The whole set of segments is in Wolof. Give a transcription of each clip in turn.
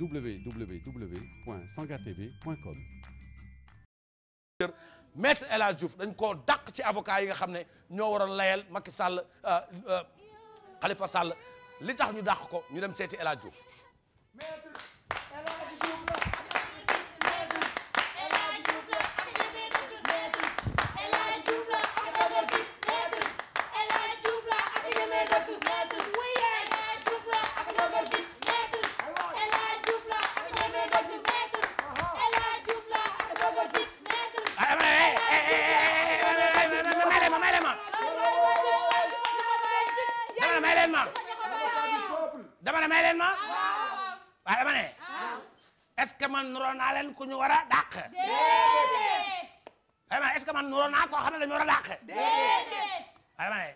www.sangatv.com. maître El Hadj Diouf dañ koo dàq ci avocat yi nga xam ne ñoo waroon layal Macky Sall euh, euh, Khalifa Sall li tax ñu dàq ko ñu dem seeti El Hadj Diouf. leen ma dama ne may ma waaw dama ne est que man nuroo naa leen ku ñu war a dàq waaye man est-ce que man nuroo naa koo xam ne dañu war a dàq waaye dama ne ah.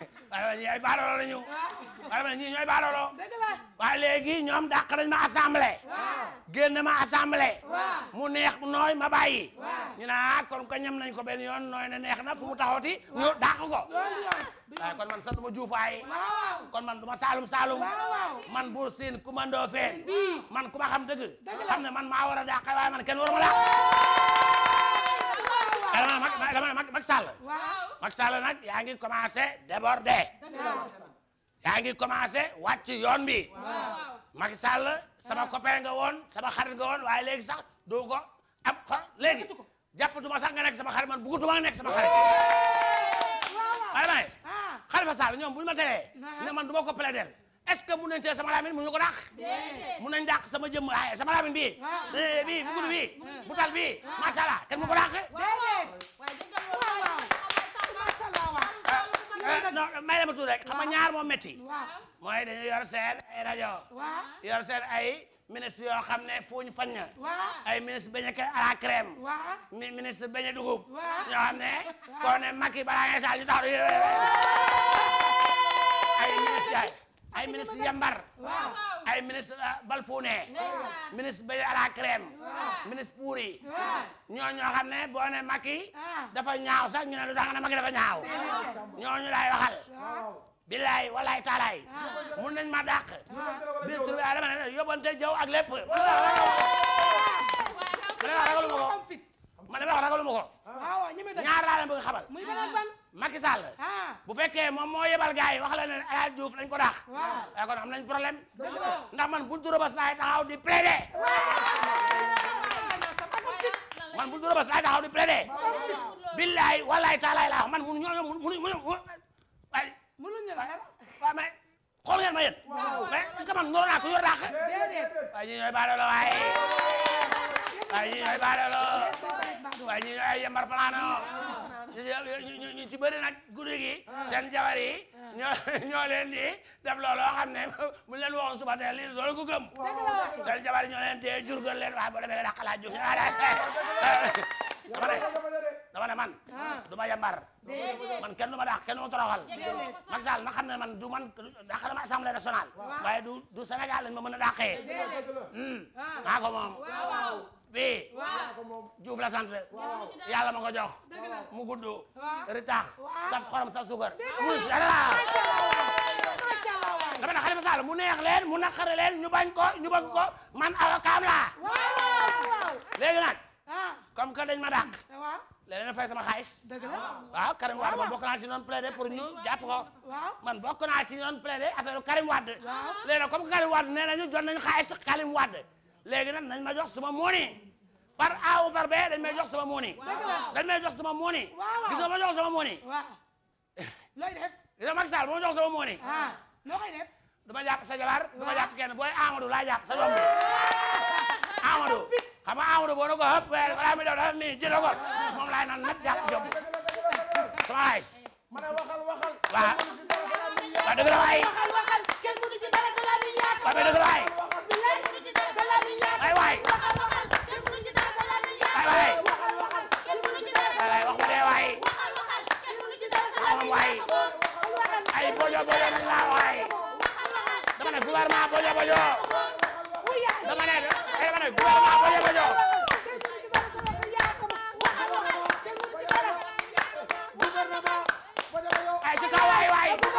waaye ay baalo la ñu ah. wala ma ne ñii ñooy baadoolo waaye léegi ñoom dàq nañ ma assemblée ma assemblée mu neex nooy ma bàyyi ñu ah, kon ko ñam nañ ko benn yoon nooy na neex na fu mu taxawti ñu dàq ko waaye kon man sax du ma kon man du ma saalum saalum man buur siin ku man ku ma xam dëgg ne man maa war a dàq waaye man kenn waruma dàq dama ne Macky Sall Macky Sall nag yaa ngi commencé déborder yaa ngi commencé wàcc yoon bi. waaw Macky Sall sama copain nga woon sama xarit nga woon waaye léegi sax doo ko am xol léegi. jàppatuma sax nga nekk sama xarit man bëggatuma nga nekk sama xarit. waaye may Khalifa ah. Sall ñoom bu ñu ma teree. ne man du ma ko plaider est que mu nañ tee sama laamin mun ñu ko dàq. mun nañ dàq sama jëm ay sama laamin bii. Eh, bii bu gudd bii bu kenn mu ko dàq. may la ma tuuti rek xam ñaar moo métti. mooy dañu yor ay rajo. yor seen ay ministre yoo xam ne fuuñ fañ na. ay ministre bañ a à la crème. ministre bañ a dugub. ñoo xam ne koo ne Macky balaa ñu tax ay ministre ay ministre yambar. ay ministre Balfourné ministre Beye à la crème ministre Pourri ñooñu ñoo xam ne boo ne Macky dafa ñaaw sax ñu ne lu tax nga ne Macky dafa ñaaw ñooñu laay waxal billaay walaay taalaay mun nañ ma dàq biir tur bi dama ne yóbbante jaww ak lépp fekkee moom moo yebal gars yi la ne El Hadj Diouf dañ ko daax. waaw eh, kon am nañ problème. ndax man buntu Rebeuss laay taxaw di plaider. man buntu Rebeuss taalaay laa man munu ñoo munu munu waay. munuñ ngeen ma yéen. mais est ce que man ngóor naa ko yor daax. déedéet waaye ñii ñooy baadoolo waaye. waaye ñii ñooy baadoolo. waaye ñu ay yambar fanaanoo ah. ñu ñu ci bëri nag guddi gi ah. seen jabar yi ah. ñoo ñoo leen di def looloo xam ne buñ leen waxoon suba teel lii loolu ko gëm seen jabar yi ñoo leen te jurgal leen waaye boo demee dàq laa jug kenn mu toroxal Macky na xam ne man du man dàq na ma assemblée nationale waaye du du Sénégal lañ ma mën a dàqee maa hmm. ko moom bii la sant yàlla ma ko jox mu gudd ritax saf xorom saf suukar muy dara dama ne Khalifa Sall mu neex leen mu naqare leen ñu ko ñu bëgg ko man avocat laa léegi nag ah. comme que dañ ma dàq ah. leneen a fay sama xaalis. dëgg la waaw Karim Wade man bokk naa ci noonu plaidé pour ñu ko. man bokk naa ci noonu plaidé affaire Karim Wade. waaw léegi nag comme Karim Wade nee nañu jot nañu xaalis Karim Wade léegi na nañ ma jox suma mooni par A ou par B dañ may jox sama mooni. dañ may jox sama gis nga ma jox sama mooni. waaw looy def. gis nga Macky ma jox sama mooni. ah noo koy def. du ma jàpp sa jabar. du ma jàpp kenn booy Amadou laa jàpp sa doom bi. Ah. Amadou xam nga Amadou boo na ko hëpp waaye laay naan nag jàpp jom sama waay. mën a waxal waxal. waaw waaw dëgg la waay. waxal waxal kenn mënu ci dara sa lamiñ yaa ko. waaw dëgg la waay. bilaay mënu ci dara sa lamiñ yaa ko. waay waay. waxal waxal kenn mënu ci dara sa lamiñ yaa ko. waay waay. waxal waxal kenn mënu ci dara sa lamiñ yaa ko. waay waay wax ma dee waay. waxal waxal kenn mënu ci dara sa lamiñ yaa ko. waay ay bojo bojo nag laa waay. dama ne gouvernement bojo bojo.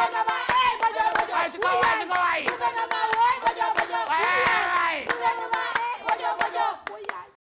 Bukan nama, eh, bukan nama. Ayo, sekolah, sekolah. Bukan nama.